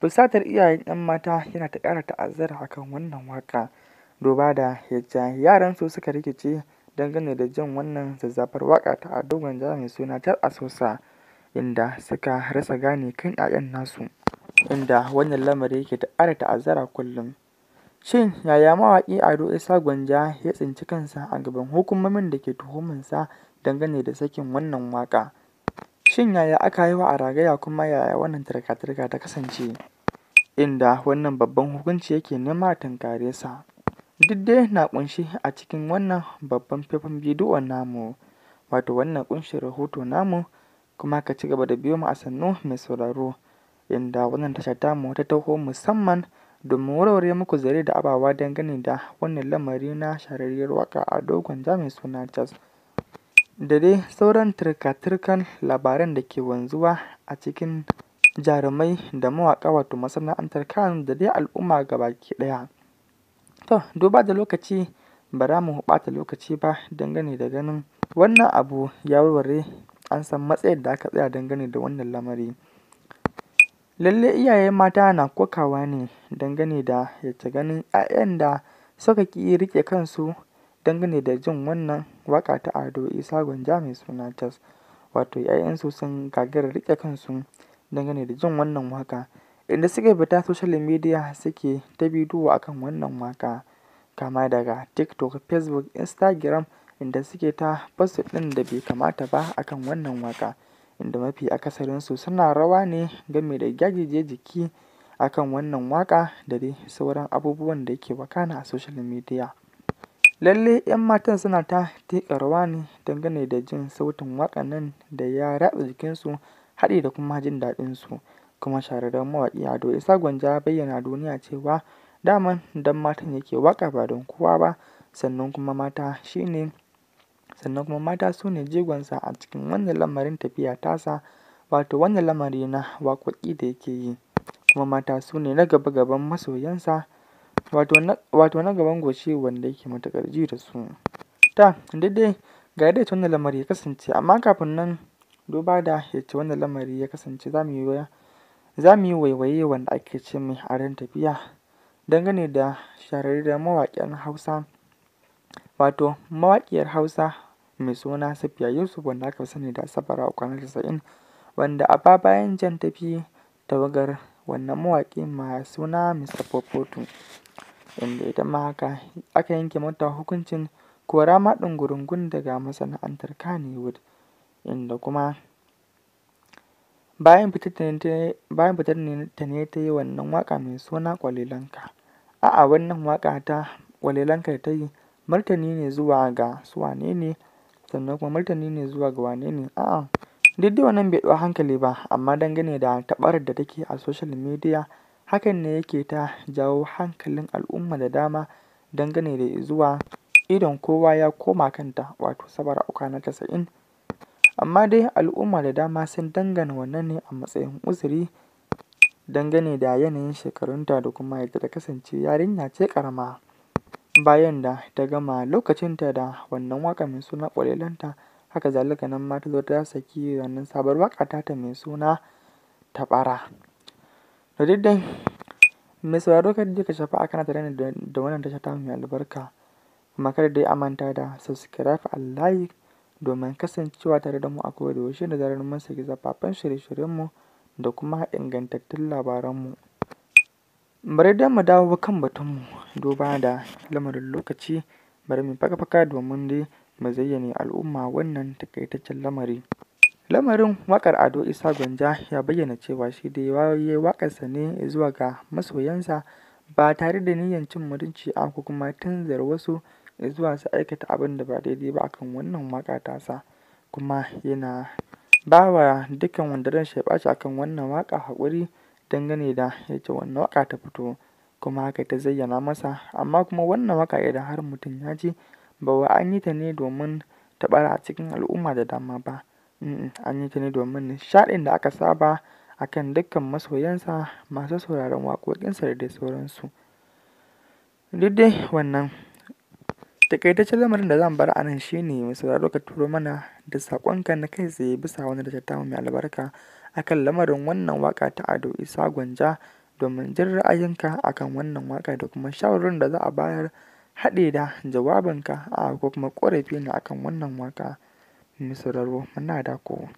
Fusatar iyayen 'yan mata yana ta ƙara ta'azzara a kan wannan waƙa, duba da yadda su suka rikice dangane da jin wannan zazzafar waƙa ta Ado Gwanja mai suna tar a sosa, inda suka rasa gane kan 'ya'yan nasu, inda wannan lamari yake ta ƙara ta'azzara kullum. Shin yaya mawaƙi Ado Isa Gwanja ya tsinci kansa a gaban hukumomin da ke tuhumarsa dangane da sakin wannan waƙa? Shin yaya aka yi wa a ragaya kuma yaya wannan tarka-tarka ta kasance, inda wannan babban hukunci yake nema a tunkare sa? Duk dai na ƙunshi a cikin wannan babban faifan bidiyon namu, wato wannan ƙunshin rahoto namu, kuma ka ci gaba da biyo mu a sannu mai sauraro, inda wannan tasha mu ta taho musamman domin warware muku zare da abawa dangane da wannan lamari na shahararriyar waka a dogon mai suna Jazz. da dai sauran turka-turkan labaran da ke wanzuwa a cikin jarumai da mawaƙa wato masana'antar kan da dai al'umma gabaki ɗaya. To, duba da lokaci ba za mu ɓata lokaci ba dangane da ganin wannan abu ya warware an san matsayin da aka tsaya dangane da wannan lamari. Lalle iyaye mata na kokawa ne dangane da yadda ganin 'ya'yan da suka ƙi riƙe kansu Dangane da jin wannan waƙa ta Ado Isa Gwanja mai suna Kes, wato ‘ya'yansu sun gagara rike kansu dangane da jin wannan waka inda suke fita social midiya suke ta bidowa a wannan waka kama daga TikTok, Facebook, Instagram, inda suke ta basu ɗin da bai kamata ba akan wannan waƙa, inda mafi akasarinsu suna rawa ne game da gyagije jiki akan wannan waƙa da dai sauran abubuwan da yake wakana a social midiya. Lallai 'yan matan suna ta tiƙa rawa ne dangane da jin sautin waƙan nan da ya ratsa jikinsu haɗe da kuma jin daɗinsu, kuma shahararren mawaƙi Ado Isa Gwanja ya bayyana duniya cewa daman dan matan yake waƙa ba don kowa ba, sannan kuma mata su ne jigonsa a cikin wannan lamarin tafiya tasa, wato wannan lamari na waƙoƙi da yake yi, kuma mata su ne na gaba-gaban masoyansa. wato na gaban goshi wanda yake matuƙar ji da su. Ta, daidai ga yadda yace wannan lamari ya kasance amma kafin nan duba da yace wannan lamari ya kasance za mu yi za mu yi waiwaye wanda ake ce mai aron tafiya dangane da shahararriyar mawaƙiyar Hausa wato mawaƙiyar Hausa mai suna Safiya Yusuf wanda aka fi sani da Safara'u da casa'in wanda a baya-bayan can tawagar wannan mawaƙin mai suna Mr. Popoto. Inda ita ma haka aka yanke mata hukuncin kora ma ɗungurungun daga masana'antar Kannywood, inda kuma bayan fitar ta ne ta yi wannan waƙa mai suna ƙwalilanka. A'a wannan waƙa ta ƙwalilanka ta yi martani ne zuwa ga su ne sannan kuma martani ne zuwa ga wane ne a'a. Duk da wannan bai ɗau hankali ba, amma dangane da taɓarar da take a social midiya, hakan ne yake ta jawo hankalin al'umma da dama dangane da zuwa. idon kowa ya koma kanta, wato uka na casa'in”. Amma dai al'umma da dama sun dangana wannan ne a matsayin uzuri dangane da yanayin shekarunta da kuma yadda ta kasance yarinya ce karama bayan da ta gama lokacinta da wannan wakamin mai suna ƙwalelanta. Haka zalika nan ma ta zo ta saki wannan waka ta ta mai suna tabara To duk dai mai sauraro ka dai shafa a kana tare da wannan tasha ta mai albarka. Kuma kada dai a manta da subscribe a like domin kasancewa tare da mu a da yaushe da zarar mun saki zafafan shirye-shiryenmu da kuma ingantattun labaranmu. Bari dai mu dawo kan batunmu duba da lamarin lokaci bari mu faka-faka domin dai mazayyane al'umma wannan takaitaccen lamari. Lamarin waƙar Ado Isa Gwanja ya bayyana cewa shi da ya yi wakarsa ne zuwa ga masoyansa ba tare da niyyar cin mutunci a ko kuma tunzar wasu zuwa su aikata abin da ba daidai ba akan wannan waƙa tasa kuma yana ba wa dukkan wanda ran shi akan wannan waka haƙuri dangane da ce wannan waƙa ta fito kuma haka ta zayyana masa amma kuma wannan waƙa idan har mutum ya ce ba wai an yi ta ne domin ta a cikin al'umma da dama ba. an yi ta ne domin nishaɗin da aka saba a kan dukkan masoyansa, masu sauraron waƙoƙinsa da dai sauransu. Duk dai wannan ce lamarin da zan bar anan nan shi ne mai sauraro ka turo mana da saƙonka na kai tsaye bisa wani da ta mai albarka akan lamarin wannan waka ta Ado Isa Gwanja domin jin ra'ayinka akan wannan waka da kuma shawarar da za a bayar haɗe da jawabinka a ah, ko kuma na akan wannan waƙa. Mai sauraro da ku